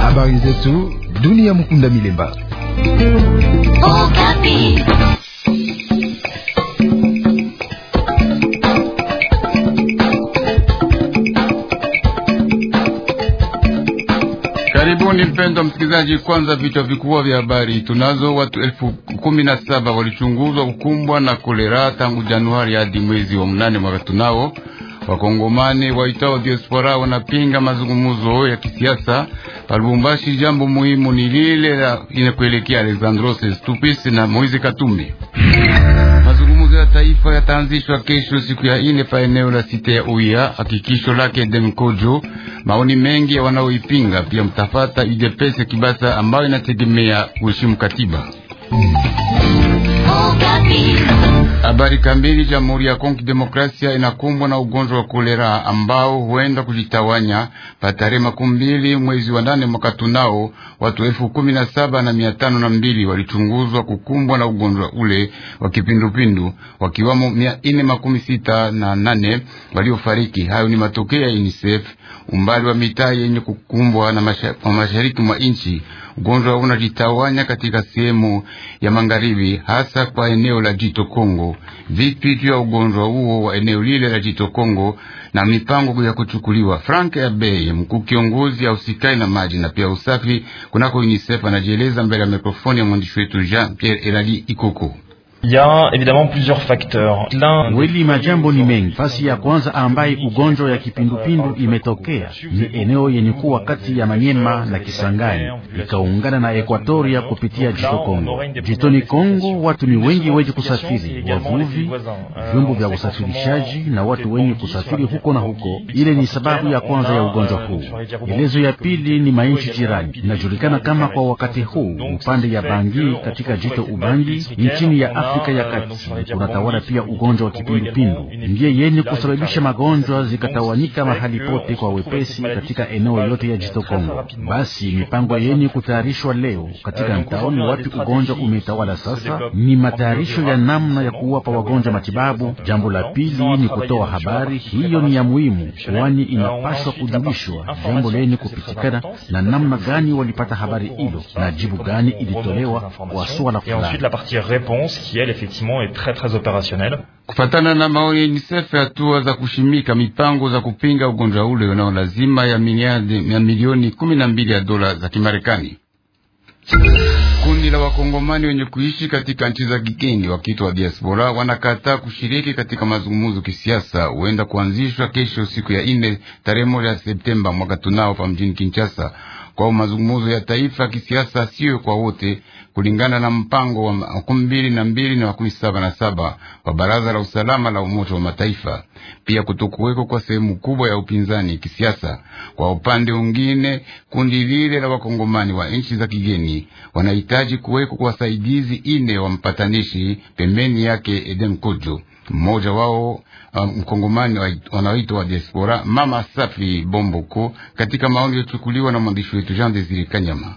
Habari zetu dunia, Mukunda Milemba. Okapi. Karibuni mpendwa msikilizaji, kwanza vichwa vikubwa vya habari tunazo. Watu elfu kumi na saba walichunguzwa kukumbwa na kolera tangu Januari hadi mwezi wa mnane mwaka tunao Wakongomani waitao diaspora wanapinga mazungumzo ya kisiasa palubumbashi Jambo muhimu ni lile la inakuelekea Alexandros Stupis na Moise Katumbi. Mazungumzo ya taifa yataanzishwa kesho siku ya ine pa eneo la site ya Uya, hakikisho lake Demkojo. Maoni mengi ya wanaoipinga pia mtafata UDPS Kibasa ambayo inategemea kuheshimu katiba. Habari kamili. Jamhuri ya Kongo Demokrasia inakumbwa na ugonjwa wa kolera ambao huenda kujitawanya patare makumi mbili mwezi wa nane mwaka tunao, watu elfu kumi na saba na mia tano na mbili walichunguzwa kukumbwa na ugonjwa ule wa kipindupindu, wakiwamo mia nne makumi sita na nane waliofariki. Hayo ni matokeo ya UNICEF umbali wa mitaa yenye kukumbwa na mashariki mwa nchi Ugonjwa unajitawanya katika sehemu ya magharibi, hasa kwa eneo la Jito Kongo. Vipi juu ya ugonjwa huo wa eneo lile la Jito Kongo na mipango ya kuchukuliwa? Frank Abey, mkuu kiongozi usikai na maji na pia usafi kunako UNICEF, anajieleza mbele ya mikrofoni ya mwandishi wetu Jean Pierre Elali Ikoko ya évidemment plusieurs facteurs. Kweli majambo ni mengi. Fasi ya kwanza ambaye ugonjwa ya kipindupindu imetokea ni eneo yenye kuwa kati ya Manyema na Kisangani ikaungana na Ekwatoria kupitia jito Kongo. Jitoni Kongo watu ni wengi wenye kusafiri, wavuvi, vyombo vya usafirishaji na watu wenye kusafiri huko na huko. Ile ni sababu ya kwanza ya ugonjwa huu. Elezo ya pili ni mainchi jirani, inajulikana kama kwa wakati huu upande ya Bangi katika jito Ubangi nchini ya Afrika Afrika ah, ya Kati kunatawala pia ugonjwa wa kipindupindu, ndiye yenye kusababisha magonjwa zikatawanika mahali pote kwa wepesi katika eneo yote ya jito Kongo. Basi mipango yenye kutayarishwa leo katika mtaoni wapi ugonjwa umetawala sasa ni matayarisho ya namna ya kuwapa wagonjwa matibabu. Jambo la pili ni kutoa habari, hiyo ni ya muhimu, kwani inapaswa kujulishwa jambo lenye kupitikana na namna gani walipata habari hilo na jibu gani ilitolewa kwa suala fulani actuelle, effectivement, est très très opérationnel. Kufatana na maoni ya UNICEF, hatua za kushimika mipango za kupinga ugonjwa ule unao lazima ya milioni kumi na mbili ya dola za Kimarekani. Kundi la wakongomani wenye kuishi katika nchi za kigeni wakiitwa diaspora wanakataa kushiriki katika mazungumzo kisiasa huenda kuanzishwa kesho siku ya nne tarehe moja ya Septemba mwaka tunao pa mjini Kinshasa kwa mazungumzo ya taifa kisiasa, siyo kwa wote, kulingana na mpango wa makumi mbili na mbili na makumi saba na saba wa Baraza la Usalama la Umoja wa Mataifa. Pia kutokuweko kwa sehemu kubwa ya upinzani kisiasa. Kwa upande mwingine, kundi lile la wakongomani wa nchi za kigeni wanahitaji kuweko kwa wasaidizi ine wa mpatanishi pembeni yake Edem kuju mmoja wao um, mkongomani um, wanaoitwa wa diaspora mama Safi Bomboko, katika maoni yaliyochukuliwa na mwandishi wetu Jean Desire Kanyama.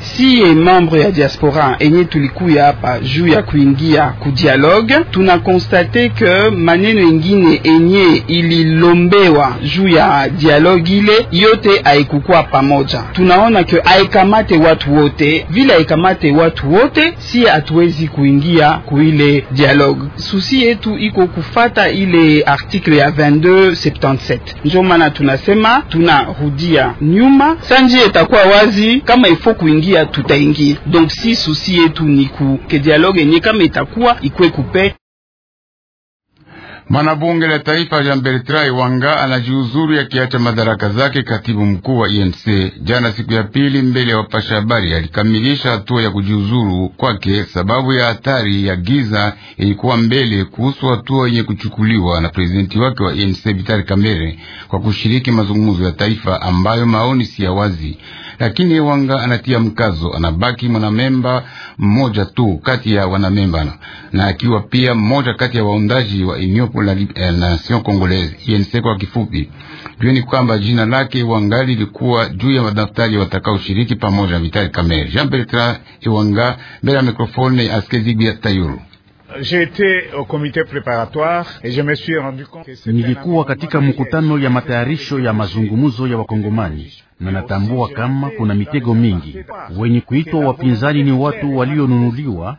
Siye membre ya diaspora enye tulikuya hapa juu ya kuingia kudialogue, tunakonstate ke maneno ingine enye ililombewa juu ya dialogue ile yote haikukua pamoja. Tunaona ke haikamate watu wote, vile haikamate watu wote, siye hatuwezi kuingia kuile dialogue. Susi yetu iko kufata ile article ya 2277 njo maana tunasema tunarudia nyuma, sanji itakuwa wazi kama ifo kuingia tutaingia tutaingia. Donc si susi yetu ni kuke dialogue yenye kama itakuwa ikwe kupe. Mwanabunge la taifa Jean Bertrand Iwanga anajiuzuru yakiacha madaraka zake katibu mkuu wa INC. Jana siku ya pili, mbele ya wapasha habari, alikamilisha hatua ya kujiuzuru kwake sababu ya hatari ya giza ilikuwa mbele kuhusu hatua yenye kuchukuliwa na prezidenti wake wa INC Vital kamere kwa kushiriki mazungumzo ya taifa ambayo maoni si ya wazi lakini Ewanga anatia mkazo, anabaki mwanamemba mmoja tu kati ya wanamemba na, na akiwa pia mmoja kati ya waundaji wa Union pour la eh, Nation Congolaise INC kwa kifupi. Jueni kwamba jina lake Ewanga lilikuwa juu ya madaftari shiriki pamoja na Vital Kamerhe. Jean Bertrand Ewanga mbele ya mikrofoni askezigwi tayuru Nilikuwa katika mkutano ya matayarisho ya mazungumzo ya Wakongomani na natambua kama kuna mitego mingi. Wenye kuitwa wapinzani ni watu walionunuliwa,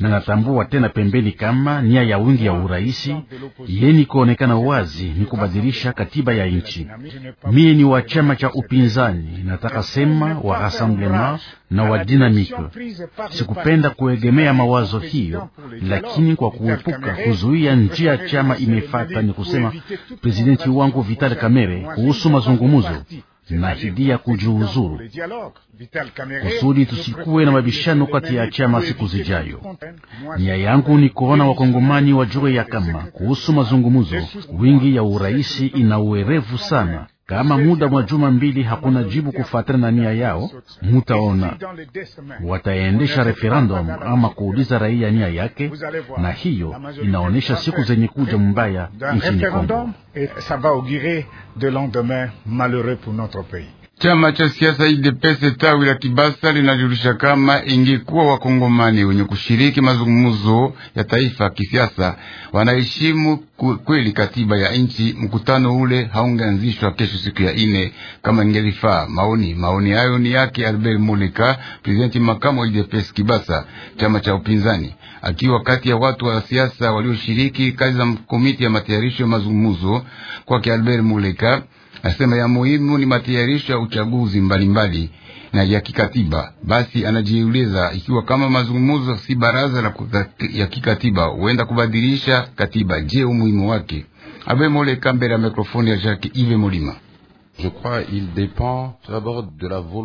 na natambua tena pembeni kama nia ya wingi ya uraisi yeni kuonekana wazi ni kubadilisha katiba ya nchi. Mie ni wa chama cha upinzani, nataka sema wa Rassemblement na wa Dynamique. Sikupenda kuegemea mawazo hiyo, lakini kwa kuepuka kuzuia njia chama imefata, ni kusema prezidenti wangu Vital Kamerhe kuhusu mazungumuzo zinahidia kujiuzuru kusudi tusikuwe na mabishano kati ya chama siku zijayo. Nia yangu ni kuona wakongomani wajue ya kama kuhusu mazungumzo, wingi ya urahisi ina uerevu sana kama muda mwa juma mbili hakuna jibu kufuatana na nia yao, mutaona wataendesha referendum ama kuuliza raia nia yake, na hiyo inaonyesha siku zenye kuja mbaya nchini Kongo. Chama cha siasa idepese tawi la Kibasa linajulisha kama ingekuwa wakongomani wenye kushiriki mazungumzo ya taifa kisiasa wanaheshimu kweli katiba ya nchi, mkutano ule haungeanzishwa kesho siku ya ine kama ingelifaa. Maoni maoni hayo ni yake Albert Moleka, presidenti makamu wa idepese Kibasa, chama cha upinzani, akiwa kati ya watu wa siasa walioshiriki kazi za komiti ya matayarisho ya mazungumzo. Kwake Albert Moleka Asema ya muhimu ni matayarisho ya uchaguzi mbalimbali na ya kikatiba. Basi anajiuliza ikiwa kama mazungumzo si baraza la ya kikatiba huenda kubadilisha katiba, je, umuhimu wake? Abe Moleka mbele ya mikrofoni ya Jacques Ive Molima.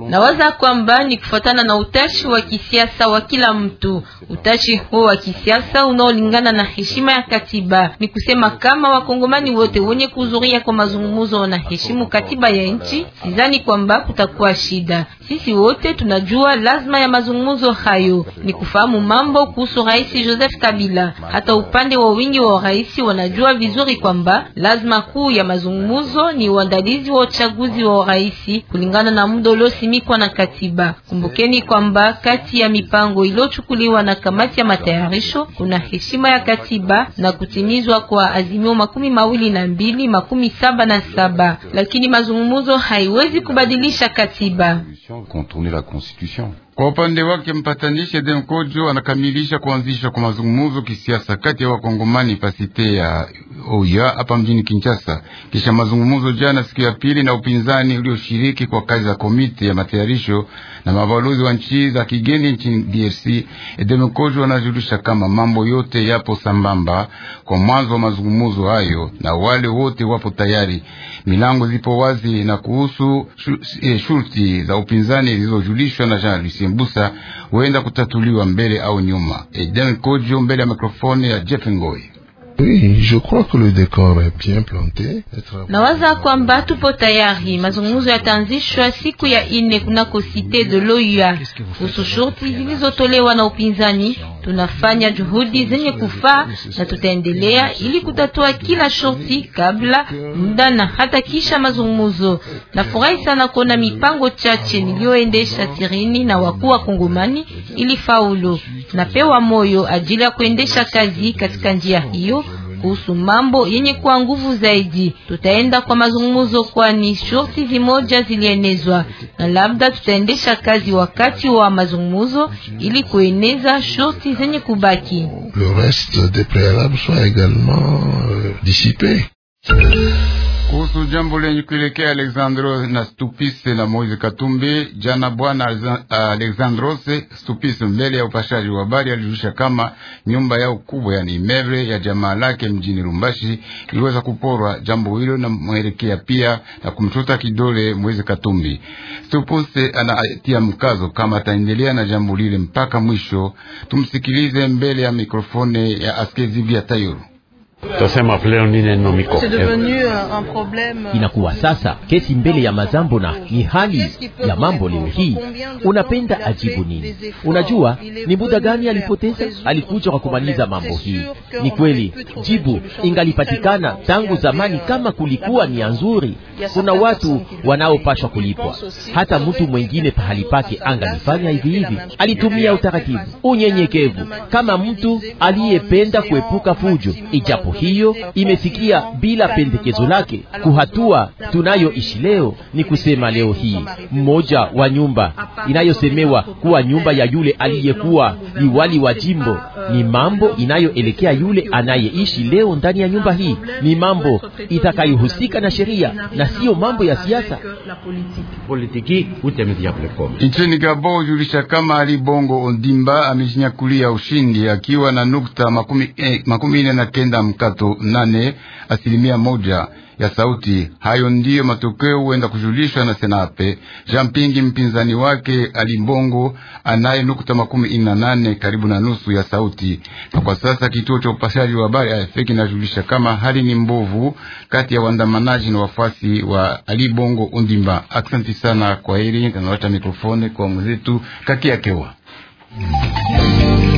Nawaza kwamba ni kufuatana na utashi wa kisiasa wa kila mtu. Utashi huo wa kisiasa unaolingana na heshima ya katiba, ni kusema kama wakongomani wote wenye kuhudhuria kwa mazungumzo heshima katiba ya nchi, sidhani kwamba kutakuwa shida. Sisi wote tunajua lazima ya mazungumzo hayo ni kufahamu mambo kuhusu Rais Joseph Kabila. Hata upande wa wingi wa rais wanajua vizuri kwamba lazima kuu ya mazungumzo ni uandalizi wa uchaguzi wa rais kulingana na muda uliosimikwa na katiba. Kumbukeni kwamba kati ya mipango iliyochukuliwa na kamati ya matayarisho kuna heshima ya katiba na kutimizwa kwa azimio makumi mawili na mbili makumi saba na saba, lakini mazungumzo haiwezi kubadilisha katiba. contourner la Constitution. Kwa upande wake mpatanishi Eden Kojo anakamilisha kuanzisha kwa mazungumzo kisiasa kati ya wakongomani pasite ya Oya hapa mjini Kinshasa, kisha mazungumzo jana siku ya pili na upinzani ulioshiriki kwa kazi za komiti ya matayarisho na mabalozi wa nchi za kigeni nchini DRC. Eden Kojo anajulisha kama mambo yote yapo sambamba kwa mwanzo wa mazungumzo hayo, na wale wote wapo tayari, milango zipo wazi. Na kuhusu eh, shurti za upinzani zilizojulishwa na Jean Lucien busa huenda kutatuliwa mbele au nyuma. Eden Kojo mbele ya mikrofoni ya Jeff Ngoi. Nawaza kwamba tupo tayari. Mazungumzo yataanzishwa siku ya ine kunako Cite de loua kuhusu shurti zilizotolewa na upinzani Tunafanya juhudi zenye kufaa na tutaendelea ili kutatua kila shorti kabla, muda na hata kisha mazungumzo. Nafurahi sana kuona mipango chache niliyoendesha sirini na wakuu wa Kongomani ili faulu. Napewa moyo ajili ya kuendesha kazi katika njia hiyo kuhusu mambo yenye kuwa nguvu zaidi. Tutaenda kwa mazungumzo, kwani shorti zimoja zilienezwa na labda tutaendesha kazi wakati wa mazungumzo ili kueneza shorti zenye kubaki. Le reste des préalables soit également euh, dissipé kuhusu jambo lenye kuelekea Alexandro na Stupise na Moise Katumbi. Jana bwana Alexandros Stupise mbele ya upashaji wa habari alijulisha kama nyumba yao kubwa, yani imebre ya jamaa lake mjini Rumbashi iliweza kuporwa. Jambo hilo na mwelekea pia na kumchota kidole Moise Katumbi. Stupise anatia mkazo kama ataendelea na jambo lile mpaka mwisho. Tumsikilize mbele ya mikrofone ya Askezibia tayuru Tasema pleo nine nomiko inakuwa sasa kesi mbele ya mazambo, na ni hali ya mambo leo hii. Unapenda ajibu nini? Unajua ni muda gani alipoteza? Alikuja kwa kumaliza mambo hii. Ni kweli jibu ingalipatikana tangu zamani, kama kulikuwa nia nzuri. Kuna watu wanaopashwa kulipwa, hata mtu mwengine pahali pake angalifanya hivi hivi. Alitumia utaratibu, unyenyekevu, kama mtu aliyependa kuepuka fujo, ijapo Roho hiyo imefikia bila pendekezo lake. Kuhatua tunayoishi leo ni kusema, leo hii mmoja wa nyumba inayosemewa kuwa nyumba ya yule aliyekuwa liwali wa jimbo ni mambo inayoelekea yule anayeishi leo ndani ya nyumba hii, ni mambo itakayohusika na sheria na siyo mambo ya siasa. Nchini Gabon hujulisha kama Ali Bongo Ondimba amejinyakulia ushindi akiwa na nukta makumi eh, ine na kenda mkato nane asilimia moja ya sauti. Hayo ndiyo matokeo huenda kujulishwa na Senape. Jean Pingi mpinzani wake Alimbongo anaye nukuta makumi ina nane karibu na nusu ya sauti, na kwa sasa kituo cha upashaji wa habari AFP kinajulisha kama hali ni mbovu kati ya waandamanaji na wafuasi wa Alibongo Undimba. Asante sana, kwa hili nanawacha mikrofoni kwa mwenzetu Kakiakewa.